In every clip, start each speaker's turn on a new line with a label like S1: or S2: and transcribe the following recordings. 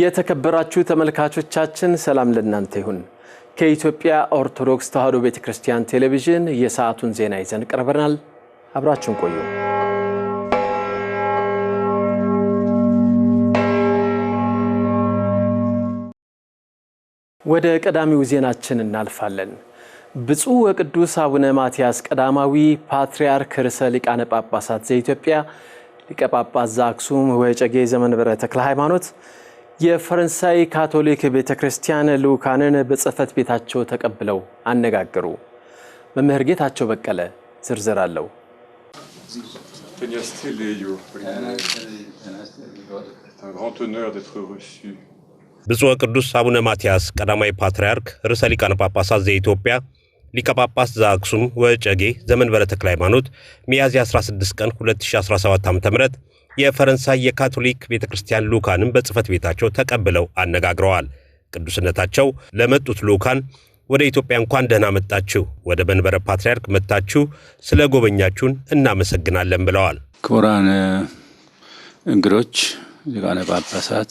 S1: የተከበራችሁ ተመልካቾቻችን ሰላም ለእናንተ ይሁን። ከኢትዮጵያ ኦርቶዶክስ ተዋሕዶ ቤተ ክርስቲያን ቴሌቪዥን የሰዓቱን ዜና ይዘን ቀርበናል። አብራችን ቆዩ። ወደ ቀዳሚው ዜናችን እናልፋለን። ብፁዕ ወቅዱስ አቡነ ማትያስ ቀዳማዊ ፓትርያርክ ርዕሰ ሊቃነ ጳጳሳት ዘኢትዮጵያ ሊቀ ጳጳስ ዘአክሱም ወዕጨጌ ዘመንበረ ተክለ ሃይማኖት የፈረንሳይ ካቶሊክ ቤተ ክርስቲያን ልዑካንን በጽሕፈት ቤታቸው ተቀብለው አነጋገሩ። መምህር ጌታቸው በቀለ ዝርዝር አለው። ብፁዕ ቅዱስ አቡነ ማትያስ ቀዳማዊ ፓትርያርክ ርዕሰ ሊቃነ ጳጳሳት ዘኢትዮጵያ ሊቀ ጳጳስ ዘአክሱም ወጨጌ ዘመንበረ ተክለ ሃይማኖት ሚያዝያ 16 ቀን 2017 ዓ.ም የፈረንሳይ የካቶሊክ ቤተ ክርስቲያን ልዑካንን በጽህፈት ቤታቸው ተቀብለው አነጋግረዋል። ቅዱስነታቸው ለመጡት ልዑካን ወደ ኢትዮጵያ እንኳን ደህና መጣችሁ፣ ወደ መንበረ ፓትርያርክ መጥታችሁ ስለ ጎበኛችሁን እናመሰግናለን ብለዋል።
S2: ክቡራን እንግዶች፣ ሊቃነ ጳጳሳት፣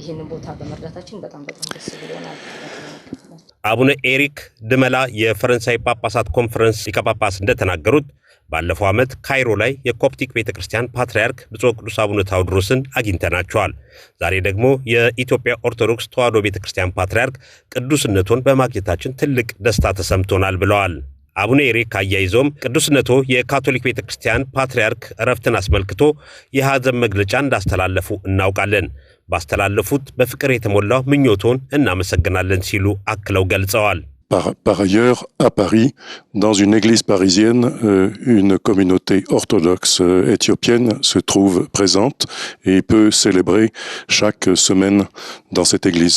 S3: ይህንን ቦታ በመርዳታችን በጣም በጣም ደስ ብሎናል።
S1: አቡነ ኤሪክ ድመላ የፈረንሳይ ጳጳሳት ኮንፈረንስ ሊቀ ጳጳስ እንደተናገሩት ባለፈው ዓመት ካይሮ ላይ የኮፕቲክ ቤተ ክርስቲያን ፓትርያርክ ብፁዕ ቅዱስ አቡነ ታውድሮስን አግኝተናቸዋል። ዛሬ ደግሞ የኢትዮጵያ ኦርቶዶክስ ተዋሕዶ ቤተ ክርስቲያን ፓትርያርክ ቅዱስነቶን በማግኘታችን ትልቅ ደስታ ተሰምቶናል ብለዋል። አቡነ ኤሪክ አያይዘውም ቅዱስነቶ የካቶሊክ ቤተ ክርስቲያን ፓትርያርክ እረፍትን አስመልክቶ የሐዘን መግለጫ እንዳስተላለፉ እናውቃለን። ባስተላለፉት በፍቅር የተሞላው ምኞቶን እናመሰግናለን ሲሉ አክለው ገልጸዋል።
S4: Par, ailleurs, à Paris, dans une église parisienne, une communauté orthodoxe éthiopienne se trouve présente et peut célébrer chaque semaine dans cette église.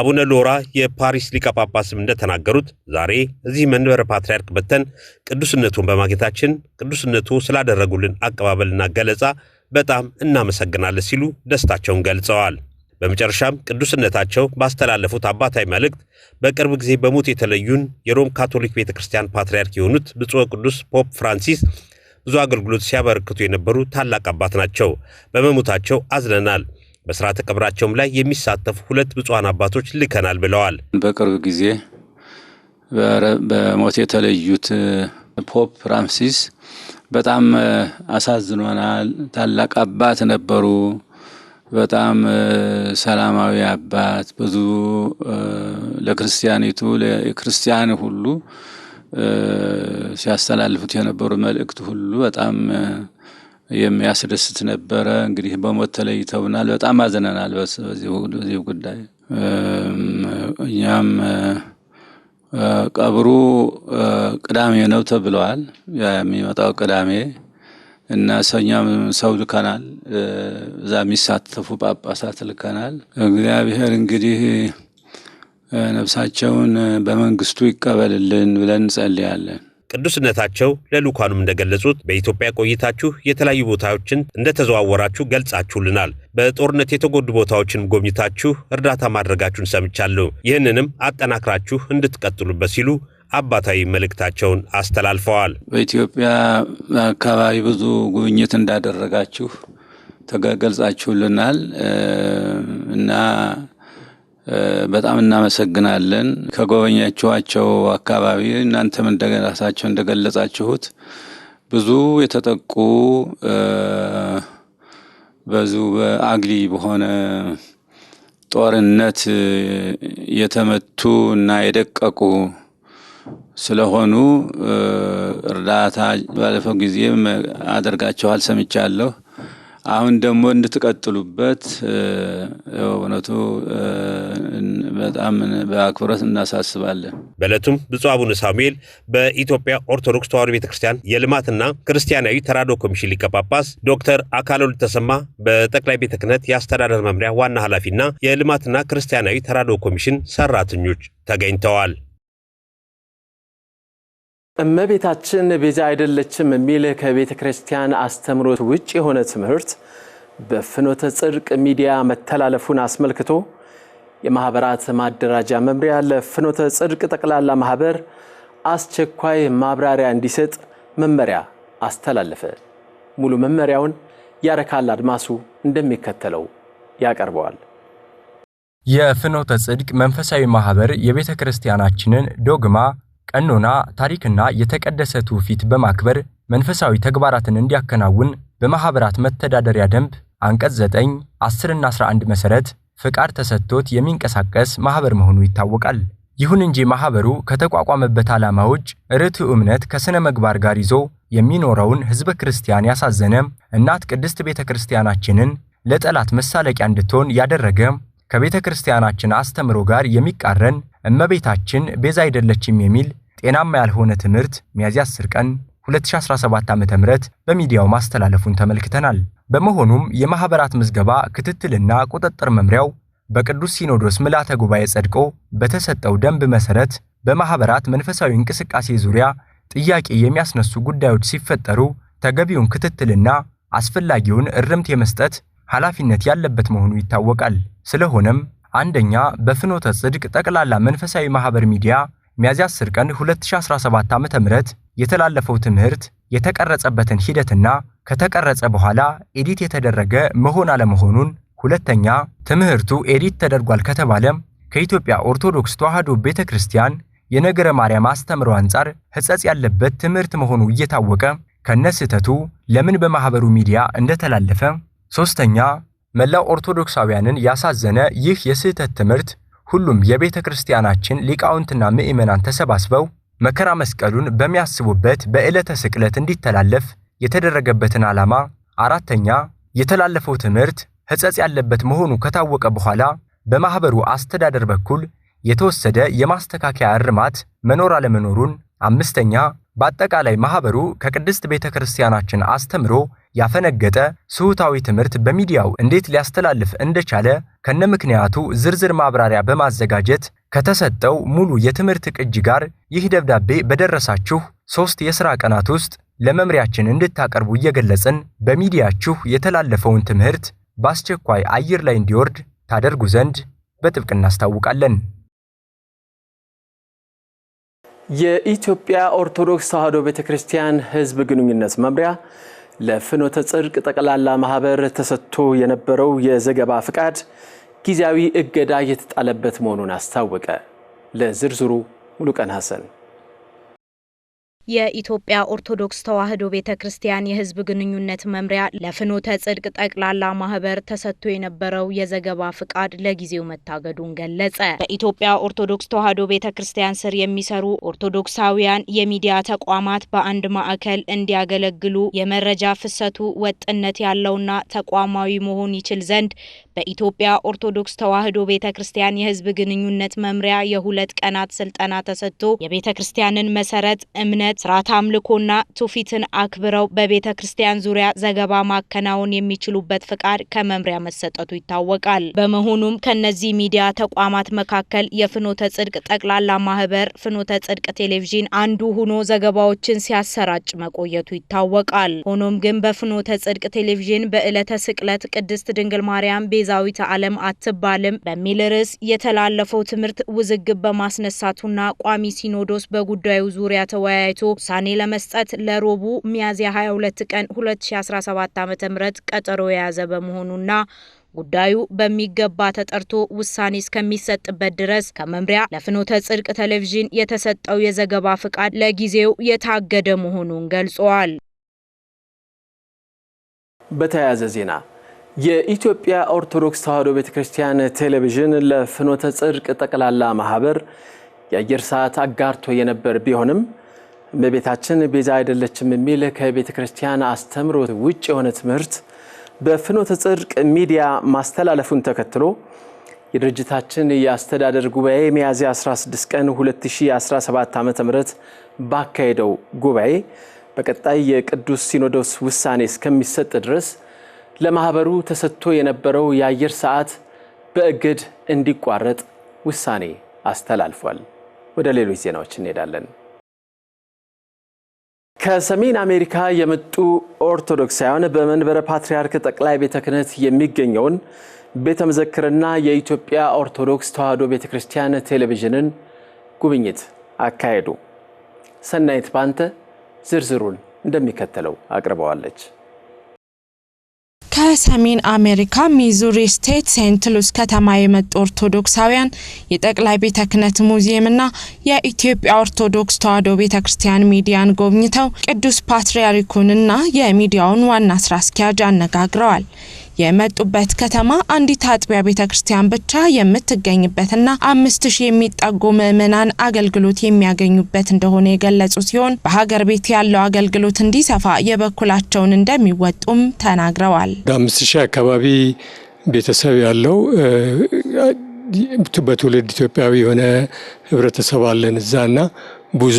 S1: አቡነ ሎራ የፓሪስ ሊቀ ጳጳስም እንደተናገሩት ዛሬ እዚህ መንበረ ፓትርያርክ በተን ቅዱስነቱን በማግኘታችን ቅዱስነቱ ስላደረጉልን አቀባበልና ገለጻ በጣም እናመሰግናለን ሲሉ ደስታቸውን ገልጸዋል። በመጨረሻም ቅዱስነታቸው ባስተላለፉት አባታዊ መልእክት በቅርብ ጊዜ በሞት የተለዩን የሮም ካቶሊክ ቤተ ክርስቲያን ፓትርያርክ የሆኑት ብፁዕ ቅዱስ ፖፕ ፍራንሲስ ብዙ አገልግሎት ሲያበረክቱ የነበሩ ታላቅ አባት ናቸው። በመሞታቸው አዝነናል። በስርዓተ ቀብራቸውም ላይ የሚሳተፉ ሁለት ብፁዓን አባቶች ልከናል ብለዋል።
S2: በቅርብ ጊዜ በሞት የተለዩት ፖፕ ፍራንሲስ በጣም አሳዝኖናል። ታላቅ አባት ነበሩ። በጣም ሰላማዊ አባት፣ ብዙ ለክርስቲያኒቱ ለክርስቲያን ሁሉ ሲያስተላልፉት የነበሩ መልእክት ሁሉ በጣም የሚያስደስት ነበረ። እንግዲህ በሞት ተለይተውናል። በጣም አዝነናል በዚህ ጉዳይ እኛም ቀብሩ ቅዳሜ ነው ተብለዋል። የሚመጣው ቅዳሜ እና ሰኛም ሰው ልከናል። እዛ የሚሳተፉ ጳጳሳት ልከናል። እግዚአብሔር እንግዲህ ነፍሳቸውን በመንግስቱ ይቀበልልን ብለን እንጸልያለን።
S1: ቅዱስነታቸው ለሉካኑም እንደገለጹት በኢትዮጵያ ቆይታችሁ የተለያዩ ቦታዎችን እንደተዘዋወራችሁ ገልጻችሁልናል። በጦርነት የተጎዱ ቦታዎችን ጎብኝታችሁ እርዳታ ማድረጋችሁን ሰምቻለሁ። ይህንንም አጠናክራችሁ እንድትቀጥሉበት ሲሉ አባታዊ መልእክታቸውን አስተላልፈዋል።
S2: በኢትዮጵያ አካባቢ ብዙ ጉብኝት እንዳደረጋችሁ ተገልጻችሁልናል እና በጣም እናመሰግናለን። ከጎበኛችኋቸው አካባቢ እናንተም እንደራሳቸው እንደገለጻችሁት ብዙ የተጠቁ በዙ በአግሊ በሆነ ጦርነት የተመቱ እና የደቀቁ ስለሆኑ እርዳታ ባለፈው ጊዜ አደርጋችኋል ሰምቻለሁ። አሁን ደግሞ እንድትቀጥሉበት እውነቱ በጣም በአክብረት እናሳስባለን።
S1: በእለቱም ብፁዕ አቡነ ሳሙኤል በኢትዮጵያ ኦርቶዶክስ ተዋሕዶ ቤተ ክርስቲያን የልማትና ክርስቲያናዊ ተራድኦ ኮሚሽን ሊቀ ጳጳስ፣ ዶክተር አካሎል ተሰማ በጠቅላይ ቤተ ክህነት የአስተዳደር መምሪያ ዋና ኃላፊና የልማትና ክርስቲያናዊ ተራድኦ ኮሚሽን ሰራተኞች ተገኝተዋል። እመቤታችን ቤዛ አይደለችም የሚል ከቤተ ክርስቲያን አስተምሮት ውጭ የሆነ ትምህርት በፍኖተ ጽድቅ ሚዲያ መተላለፉን አስመልክቶ የማህበራት ማደራጃ መምሪያ ለፍኖተ ጽድቅ ጠቅላላ ማህበር አስቸኳይ ማብራሪያ እንዲሰጥ መመሪያ አስተላለፈ። ሙሉ መመሪያውን ያረካል አድማሱ እንደሚከተለው ያቀርበዋል። የፍኖተ ጽድቅ መንፈሳዊ ማህበር የቤተ ክርስቲያናችንን ዶግማ ቀኖና፣ ታሪክና የተቀደሰ ትውፊት በማክበር መንፈሳዊ ተግባራትን እንዲያከናውን በማኅበራት መተዳደሪያ ደንብ አንቀጽ 9፣ 10 እና 11 መሠረት ፍቃድ ተሰጥቶት የሚንቀሳቀስ ማኅበር መሆኑ ይታወቃል። ይሁን እንጂ ማኅበሩ ከተቋቋመበት ዓላማ ውጭ እምነት ከሥነ ምግባር ጋር ይዞ የሚኖረውን ሕዝበ ክርስቲያን ያሳዘነ፣ እናት ቅድስት ቤተ ክርስቲያናችንን ለጠላት መሳለቂያ እንድትሆን ያደረገ፣ ከቤተ ክርስቲያናችን አስተምሮ ጋር የሚቃረን እመቤታችን ቤዛ አይደለችም የሚል ጤናማ ያልሆነ ትምህርት ሚያዝያ 10 ቀን 2017 ዓ.ም በሚዲያው ማስተላለፉን ተመልክተናል። በመሆኑም የማህበራት ምዝገባ ክትትልና ቁጥጥር መምሪያው በቅዱስ ሲኖዶስ ምልዓተ ጉባኤ ጸድቆ በተሰጠው ደንብ መሰረት በማህበራት መንፈሳዊ እንቅስቃሴ ዙሪያ ጥያቄ የሚያስነሱ ጉዳዮች ሲፈጠሩ ተገቢውን ክትትልና አስፈላጊውን እርምት የመስጠት ኃላፊነት ያለበት መሆኑ ይታወቃል። ስለሆነም አንደኛ በፍኖተ ጽድቅ ጠቅላላ መንፈሳዊ ማህበር ሚዲያ ሚያዝያ 10 ቀን 2017 ዓ.ም የተላለፈው ትምህርት የተቀረጸበትን ሂደትና ከተቀረጸ በኋላ ኤዲት የተደረገ መሆን አለመሆኑን፣ ሁለተኛ ትምህርቱ ኤዲት ተደርጓል ከተባለ ከኢትዮጵያ ኦርቶዶክስ ተዋሕዶ ቤተ ክርስቲያን የነገረ ማርያም አስተምሮ አንጻር ሕጸጽ ያለበት ትምህርት መሆኑ እየታወቀ ከነስህተቱ ለምን በማህበሩ ሚዲያ እንደተላለፈ፣ ሶስተኛ መላው ኦርቶዶክሳውያንን ያሳዘነ ይህ የስህተት ትምህርት ሁሉም የቤተ ክርስቲያናችን ሊቃውንትና ምእመናን ተሰባስበው መከራ መስቀሉን በሚያስቡበት በዕለተ ስቅለት እንዲተላለፍ የተደረገበትን ዓላማ፣ አራተኛ የተላለፈው ትምህርት ሕጸጽ ያለበት መሆኑ ከታወቀ በኋላ በማኅበሩ አስተዳደር በኩል የተወሰደ የማስተካከያ እርማት መኖር አለመኖሩን፣ አምስተኛ በአጠቃላይ ማህበሩ ከቅድስት ቤተ ክርስቲያናችን አስተምሮ ያፈነገጠ ስሁታዊ ትምህርት በሚዲያው እንዴት ሊያስተላልፍ እንደቻለ ከነምክንያቱ ዝርዝር ማብራሪያ በማዘጋጀት ከተሰጠው ሙሉ የትምህርት ቅጅ ጋር ይህ ደብዳቤ በደረሳችሁ ሶስት የሥራ ቀናት ውስጥ ለመምሪያችን እንድታቀርቡ እየገለጽን በሚዲያችሁ የተላለፈውን ትምህርት በአስቸኳይ አየር ላይ እንዲወርድ ታደርጉ ዘንድ በጥብቅ እናስታውቃለን። የኢትዮጵያ ኦርቶዶክስ ተዋሕዶ ቤተ ክርስቲያን ሕዝብ ግንኙነት መምሪያ ለፍኖተ ጽድቅ ጠቅላላ ማህበር ተሰጥቶ የነበረው የዘገባ ፍቃድ ጊዜያዊ እገዳ የተጣለበት መሆኑን አስታወቀ። ለዝርዝሩ ሙሉቀን ሐሰን
S5: የኢትዮጵያ ኦርቶዶክስ ተዋሕዶ ቤተ ክርስቲያን የሕዝብ ግንኙነት መምሪያ ለፍኖተ ጽድቅ ጠቅላላ ማህበር ተሰጥቶ የነበረው የዘገባ ፍቃድ ለጊዜው መታገዱን ገለጸ።
S6: በኢትዮጵያ ኦርቶዶክስ ተዋሕዶ ቤተ ክርስቲያን ስር የሚሰሩ ኦርቶዶክሳውያን የሚዲያ ተቋማት በአንድ ማዕከል እንዲያገለግሉ የመረጃ ፍሰቱ ወጥነት ያለውና ተቋማዊ መሆን ይችል ዘንድ በኢትዮጵያ ኦርቶዶክስ ተዋሕዶ ቤተ ክርስቲያን የሕዝብ ግንኙነት መምሪያ የሁለት ቀናት ስልጠና ተሰጥቶ የቤተ ክርስቲያንን መሰረት እምነት ስርዓተ አምልኮና ትውፊትን አክብረው በቤተ ክርስቲያን ዙሪያ ዘገባ ማከናወን የሚችሉበት ፍቃድ ከመምሪያ መሰጠቱ ይታወቃል። በመሆኑም ከነዚህ ሚዲያ ተቋማት መካከል የፍኖተ ጽድቅ ጠቅላላ ማህበር ፍኖተ ጽድቅ ቴሌቪዥን አንዱ ሆኖ ዘገባዎችን ሲያሰራጭ መቆየቱ ይታወቃል። ሆኖም ግን በፍኖተ ጽድቅ ቴሌቪዥን በዕለተ ስቅለት ቅድስት ድንግል ማርያም ቤዛዊተ ዓለም አትባልም በሚል ርዕስ የተላለፈው ትምህርት ውዝግብ በማስነሳቱና ቋሚ ሲኖዶስ በጉዳዩ ዙሪያ ተወያይቶ አስመልክቶ ውሳኔ ለመስጠት ለሮቡ ሚያዝያ 22 ቀን 2017 ዓ ም ቀጠሮ የያዘ በመሆኑና ጉዳዩ በሚገባ ተጠርቶ ውሳኔ እስከሚሰጥበት ድረስ ከመምሪያ ለፍኖተ ጽድቅ ቴሌቪዥን የተሰጠው የዘገባ ፍቃድ ለጊዜው የታገደ መሆኑን ገልጿል።
S1: በተያያዘ ዜና የኢትዮጵያ ኦርቶዶክስ ተዋሕዶ ቤተ ክርስቲያን ቴሌቪዥን ለፍኖተ ጽድቅ ጠቅላላ ማህበር የአየር ሰዓት አጋርቶ የነበር ቢሆንም እመቤታችን ቤዛ አይደለችም የሚል ከቤተ ክርስቲያን አስተምሮ ውጭ የሆነ ትምህርት በፍኖተ ጽድቅ ሚዲያ ማስተላለፉን ተከትሎ የድርጅታችን የአስተዳደር ጉባኤ ሚያዝያ 16 ቀን 2017 ዓ ም ባካሄደው ጉባኤ በቀጣይ የቅዱስ ሲኖዶስ ውሳኔ እስከሚሰጥ ድረስ ለማህበሩ ተሰጥቶ የነበረው የአየር ሰዓት በእግድ እንዲቋረጥ ውሳኔ አስተላልፏል። ወደ ሌሎች ዜናዎች እንሄዳለን። ከሰሜን አሜሪካ የመጡ ኦርቶዶክሳውያን በመንበረ ፓትርያርክ ጠቅላይ ቤተ ክህነት የሚገኘውን ቤተ መዘክርና የኢትዮጵያ ኦርቶዶክስ ተዋሕዶ ቤተ ክርስቲያን ቴሌቪዥንን ጉብኝት አካሄዱ። ሰናይት ባንተ ዝርዝሩን እንደሚከተለው አቅርበዋለች።
S7: ከሰሜን አሜሪካ ሚዙሪ ስቴት ሴንት ሉስ ከተማ የመጡ ኦርቶዶክሳውያን የጠቅላይ ቤተ ክህነት ሙዚየምና የኢትዮጵያ ኦርቶዶክስ ተዋሕዶ ቤተ ክርስቲያን ሚዲያን ጎብኝተው ቅዱስ ፓትርያርኩንና የሚዲያውን ዋና ስራ አስኪያጅ አነጋግረዋል። የመጡበት ከተማ አንዲት አጥቢያ ቤተ ክርስቲያን ብቻ የምትገኝበትና አምስት ሺህ የሚጠጉ ምዕመናን አገልግሎት የሚያገኙበት እንደሆነ የገለጹ ሲሆን በሀገር ቤት ያለው አገልግሎት እንዲሰፋ የበኩላቸውን እንደሚወጡም ተናግረዋል።
S8: አምስት ሺህ አካባቢ ቤተሰብ ያለው በትውልድ ኢትዮጵያዊ የሆነ ህብረተሰብ አለን እዛ እና ብዙ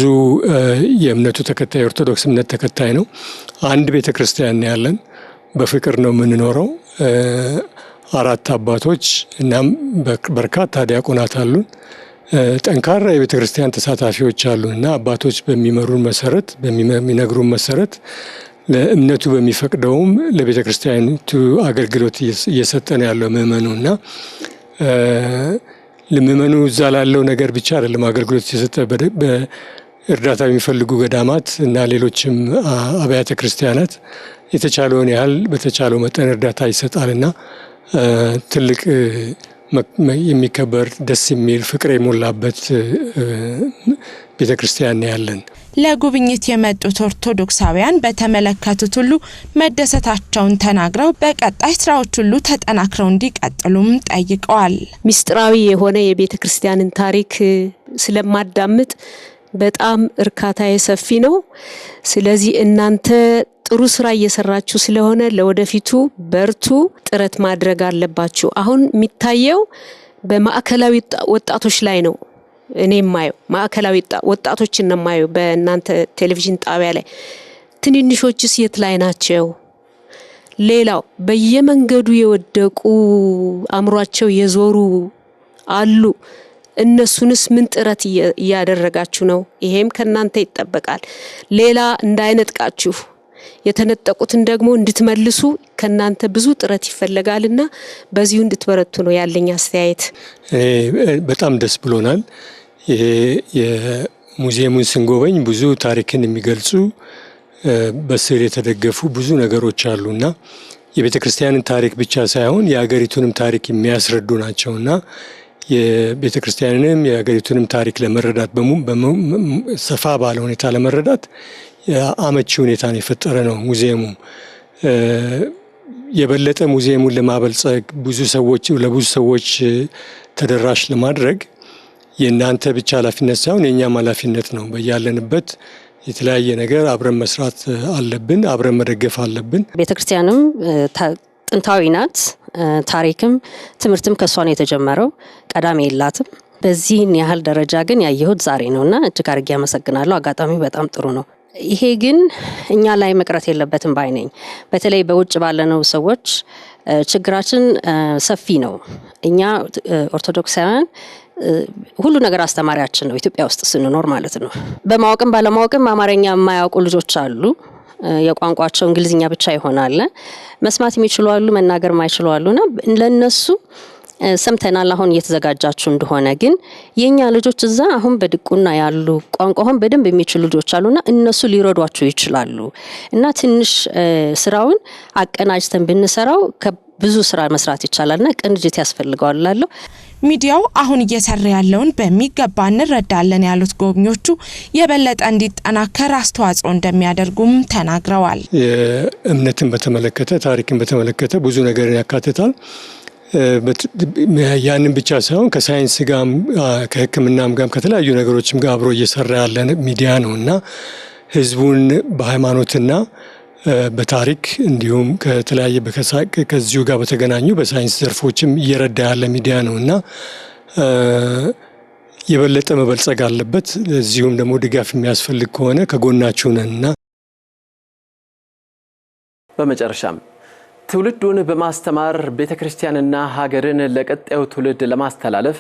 S8: የእምነቱ ተከታይ ኦርቶዶክስ እምነት ተከታይ ነው። አንድ ቤተ ክርስቲያን ያለን በፍቅር ነው የምንኖረው። አራት አባቶች እናም በርካታ ዲያቆናት አሉን። ጠንካራ የቤተ ክርስቲያን ተሳታፊዎች አሉ እና አባቶች በሚመሩን መሰረት በሚነግሩን መሰረት ለእምነቱ በሚፈቅደውም ለቤተ ክርስቲያኒቱ አገልግሎት እየሰጠን ያለው ምእመኑ እና ለምእመኑ እዛ ላለው ነገር ብቻ አይደለም አገልግሎት እየሰጠ በእርዳታ የሚፈልጉ ገዳማት እና ሌሎችም አብያተ ክርስቲያናት የተቻለውን ያህል በተቻለው መጠን እርዳታ ይሰጣልና ትልቅ የሚከበር ደስ የሚል ፍቅር የሞላበት ቤተ ክርስቲያን ያለን።
S7: ለጉብኝት የመጡት ኦርቶዶክሳውያን በተመለከቱት ሁሉ መደሰታቸውን ተናግረው በቀጣይ ስራዎች ሁሉ ተጠናክረው እንዲቀጥሉም ጠይቀዋል።
S9: ሚስጥራዊ የሆነ የቤተ ክርስቲያንን ታሪክ ስለማዳምጥ በጣም እርካታ ሰፊ ነው። ስለዚህ እናንተ ጥሩ ስራ እየሰራችሁ ስለሆነ ለወደፊቱ በርቱ፣ ጥረት ማድረግ አለባችሁ። አሁን የሚታየው በማዕከላዊ ወጣቶች ላይ ነው። እኔ የማየው ማዕከላዊ ወጣቶችን ነው የማየው በእናንተ ቴሌቪዥን ጣቢያ ላይ። ትንንሾችስ የት ላይ ናቸው? ሌላው በየመንገዱ የወደቁ አእምሯቸው የዞሩ አሉ። እነሱንስ ምን ጥረት እያደረጋችሁ ነው? ይሄም ከእናንተ ይጠበቃል። ሌላ እንዳይነጥቃችሁ የተነጠቁትን ደግሞ እንድትመልሱ ከእናንተ ብዙ ጥረት ይፈለጋልና በዚሁ እንድትበረቱ ነው ያለኝ አስተያየት።
S8: በጣም ደስ ብሎናል። የሙዚየሙን ስንጎበኝ ብዙ ታሪክን የሚገልጹ በስዕል የተደገፉ ብዙ ነገሮች አሉና የቤተ ክርስቲያንን ታሪክ ብቻ ሳይሆን የአገሪቱንም ታሪክ የሚያስረዱ ናቸውና የቤተ ክርስቲያንንም የሀገሪቱንም ታሪክ ለመረዳት ሰፋ ባለ ሁኔታ ለመረዳት አመቺ ሁኔታን የፈጠረ ነው ሙዚየሙ። የበለጠ ሙዚየሙን ለማበልጸግ ብዙ ሰዎች ለብዙ ሰዎች ተደራሽ ለማድረግ የእናንተ ብቻ ኃላፊነት ሳይሆን የእኛም ኃላፊነት ነው። በያለንበት የተለያየ ነገር አብረን መስራት አለብን፣ አብረን መደገፍ አለብን።
S9: ቤተክርስቲያንም ጥንታዊ ናት። ታሪክም ትምህርትም ከእሷ ነው የተጀመረው። ቀዳሚ የላትም። በዚህን ያህል ደረጃ ግን ያየሁት ዛሬ ነው እና እጅግ አድርጌ አመሰግናለሁ። አጋጣሚው በጣም ጥሩ ነው። ይሄ ግን እኛ ላይ መቅረት የለበትም ባይ ነኝ። በተለይ በውጭ ባለነው ሰዎች ችግራችን ሰፊ ነው። እኛ ኦርቶዶክሳውያን ሁሉ ነገር አስተማሪያችን ነው፣ ኢትዮጵያ ውስጥ ስንኖር ማለት ነው። በማወቅም ባለማወቅም አማርኛ የማያውቁ ልጆች አሉ። የቋንቋቸው እንግሊዝኛ ብቻ ይሆናል። መስማት የሚችሉ አሉ፣ መናገር ማይችሉ አሉና ለነሱ ሰምተናል አሁን እየተዘጋጃችሁ እንደሆነ። ግን የኛ ልጆች እዛ አሁን በድቁና ያሉ ቋንቋውን በደንብ የሚችሉ ልጆች አሉና እነሱ ሊረዷቸው ይችላሉ። እና ትንሽ ስራውን አቀናጅተን ብንሰራው ብዙ ስራ መስራት ይቻላል ቅንጅት ያስፈልገዋል ላለሁ
S7: ሚዲያው አሁን እየሰራ ያለውን በሚገባ እንረዳለን ያሉት ጎብኚዎቹ የበለጠ እንዲጠናከር አስተዋጽኦ እንደሚያደርጉም ተናግረዋል።
S8: እምነትን በተመለከተ ታሪክን በተመለከተ ብዙ ነገርን ያካትታል። ያንን ብቻ ሳይሆን ከሳይንስ ጋም ከሕክምናም ጋም ከተለያዩ ነገሮችም ጋር አብሮ እየሰራ ያለ ሚዲያ ነው እና ህዝቡን በሃይማኖትና በታሪክ እንዲሁም ከተለያየ ከዚሁ ጋር በተገናኙ በሳይንስ ዘርፎችም እየረዳ ያለ ሚዲያ ነው እና የበለጠ መበልጸግ አለበት። ለዚሁም ደግሞ ድጋፍ የሚያስፈልግ ከሆነ ከጎናችሁ ነንና
S1: በመጨረሻም ትውልዱን በማስተማር ቤተ ክርስቲያንና ሀገርን ለቀጣዩ ትውልድ ለማስተላለፍ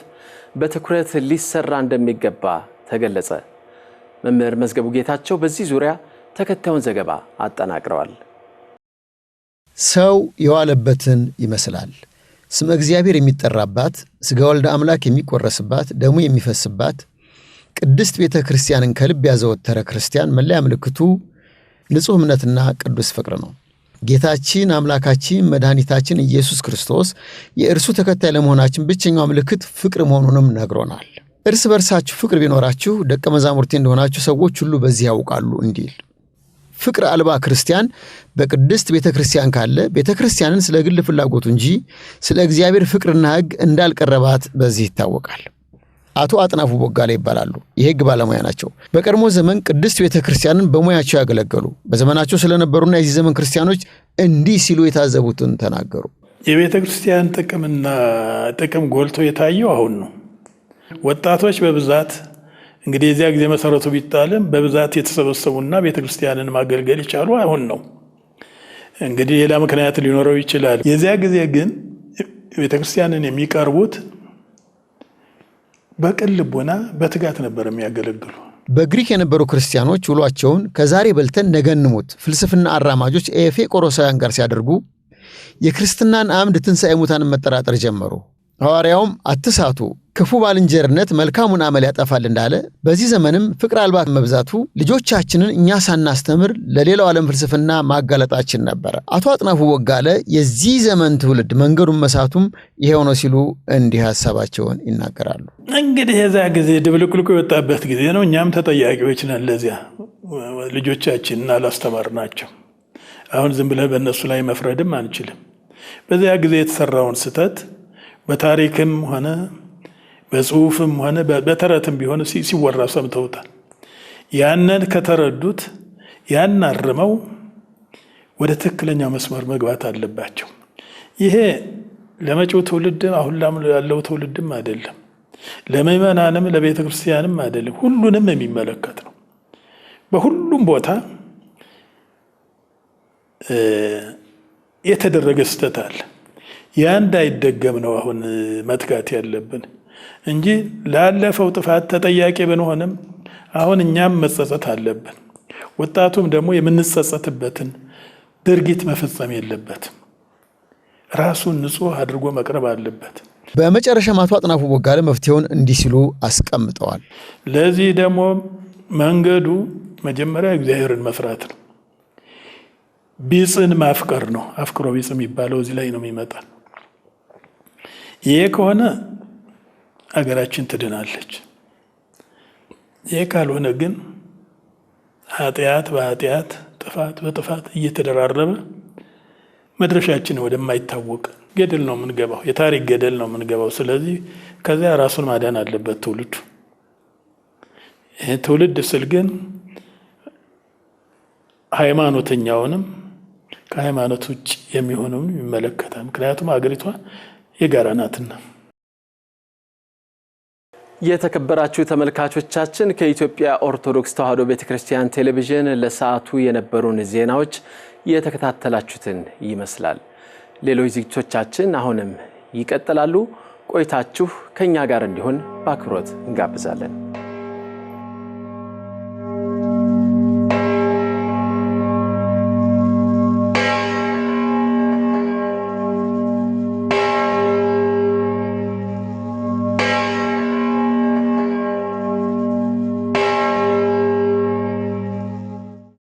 S1: በትኩረት ሊሰራ እንደሚገባ ተገለጸ። መምህር መዝገቡ ጌታቸው በዚህ ዙሪያ ተከታዩን ዘገባ አጠናቅረዋል። ሰው የዋለበትን ይመስላል። ስመ እግዚአብሔር የሚጠራባት ሥጋ ወልደ አምላክ የሚቆረስባት ደሙ የሚፈስባት ቅድስት ቤተ ክርስቲያንን ከልብ ያዘወተረ ክርስቲያን መለያ ምልክቱ ንጹሕ እምነትና ቅዱስ ፍቅር ነው። ጌታችን አምላካችን መድኃኒታችን ኢየሱስ ክርስቶስ የእርሱ ተከታይ ለመሆናችን ብቸኛው ምልክት ፍቅር መሆኑንም ነግሮናል። እርስ በርሳችሁ ፍቅር ቢኖራችሁ ደቀ መዛሙርቴ እንደሆናችሁ ሰዎች ሁሉ በዚህ ያውቃሉ እንዲል ፍቅር አልባ ክርስቲያን በቅድስት ቤተ ክርስቲያን ካለ ቤተ ክርስቲያንን ስለ ግል ፍላጎቱ እንጂ ስለ እግዚአብሔር ፍቅርና ሕግ እንዳልቀረባት በዚህ ይታወቃል። አቶ አጥናፉ ቦጋላ ይባላሉ። የሕግ ባለሙያ ናቸው። በቀድሞ ዘመን ቅድስት ቤተ ክርስቲያንን በሙያቸው ያገለገሉ በዘመናቸው ስለነበሩና የዚህ ዘመን ክርስቲያኖች እንዲህ ሲሉ የታዘቡትን ተናገሩ።
S8: የቤተ ክርስቲያን ጥቅምና ጥቅም ጎልቶ የታየው አሁን ነው። ወጣቶች በብዛት እንግዲህ የዚያ ጊዜ መሰረቱ ቢጣልም በብዛት የተሰበሰቡና ቤተክርስቲያንን ማገልገል ይቻሉ አሁን ነው። እንግዲህ ሌላ ምክንያት ሊኖረው ይችላል። የዚያ ጊዜ ግን ቤተክርስቲያንን የሚቀርቡት በቅን ልቦና በትጋት ነበር የሚያገለግሉ።
S1: በግሪክ የነበሩ ክርስቲያኖች ውሏቸውን ከዛሬ በልተን ነገ ፍልስፍና አራማጆች ኤፌ ቆሮሳውያን ጋር ሲያደርጉ የክርስትናን አምድ ትንሣኤ ሙታንን መጠራጠር ጀመሩ። ሐዋርያውም አትሳቱ ክፉ ባልንጀርነት መልካሙን አመል ያጠፋል እንዳለ በዚህ ዘመንም ፍቅር አልባ መብዛቱ ልጆቻችንን እኛ ሳናስተምር ለሌላው ዓለም ፍልስፍና ማጋለጣችን ነበረ። አቶ አጥናፉ ወጋለ የዚህ ዘመን ትውልድ መንገዱን መሳቱም ይሄው ነው ሲሉ እንዲህ ሀሳባቸውን ይናገራሉ።
S8: እንግዲህ የዛ ጊዜ ድብልቅልቁ የወጣበት ጊዜ ነው። እኛም ተጠያቂዎች ነን። ለዚያ ልጆቻችንን አላስተማርናቸው። አሁን ዝም ብለን በእነሱ ላይ መፍረድም አንችልም። በዚያ ጊዜ የተሰራውን ስህተት በታሪክም ሆነ በጽሁፍም ሆነ በተረትም ቢሆን ሲወራ ሰምተውታል። ያንን ከተረዱት ያን አርመው ወደ ትክክለኛው መስመር መግባት አለባቸው። ይሄ ለመጪው ትውልድም አሁን ላለው ትውልድም አይደለም፣ ለምእመናንም ለቤተ ክርስቲያንም አይደለም፣ ሁሉንም የሚመለከት ነው። በሁሉም ቦታ የተደረገ ስህተት አለ። ያ እንዳይደገም ነው አሁን መትጋት ያለብን። እንጂ ላለፈው ጥፋት ተጠያቂ ብንሆንም አሁን እኛም መጸጸት አለብን። ወጣቱም ደግሞ የምንጸጸትበትን ድርጊት መፈጸም የለበትም። ራሱን ንጹሕ አድርጎ መቅረብ አለበት።
S1: በመጨረሻም አቶ አጥናፉ ቦጋለ መፍትሄውን እንዲህ ሲሉ አስቀምጠዋል።
S8: ለዚህ ደግሞ መንገዱ መጀመሪያ እግዚአብሔርን መፍራት ነው። ቢጽን ማፍቀር ነው። አፍቅሮ ቢጽ የሚባለው እዚህ ላይ ነው የሚመጣ። ይሄ ከሆነ አገራችን ትድናለች። ይህ ካልሆነ ግን ኃጢአት በኃጢአት ጥፋት በጥፋት እየተደራረበ መድረሻችን ወደማይታወቅ ገደል ነው የምንገባው። የታሪክ ገደል ነው የምንገባው። ስለዚህ ከዚያ ራሱን ማዳን አለበት ትውልዱ። ይህ ትውልድ ስል ግን ሃይማኖተኛውንም ከሃይማኖት ውጭ የሚሆነውን ይመለከታል። ምክንያቱም አገሪቷ የጋራ ናትና።
S1: የተከበራችሁ ተመልካቾቻችን ከኢትዮጵያ ኦርቶዶክስ ተዋሕዶ ቤተክርስቲያን ቴሌቪዥን ለሰዓቱ የነበሩን ዜናዎች የተከታተላችሁትን ይመስላል። ሌሎች ዝግጅቶቻችን አሁንም ይቀጥላሉ። ቆይታችሁ ከእኛ ጋር እንዲሆን በአክብሮት እንጋብዛለን።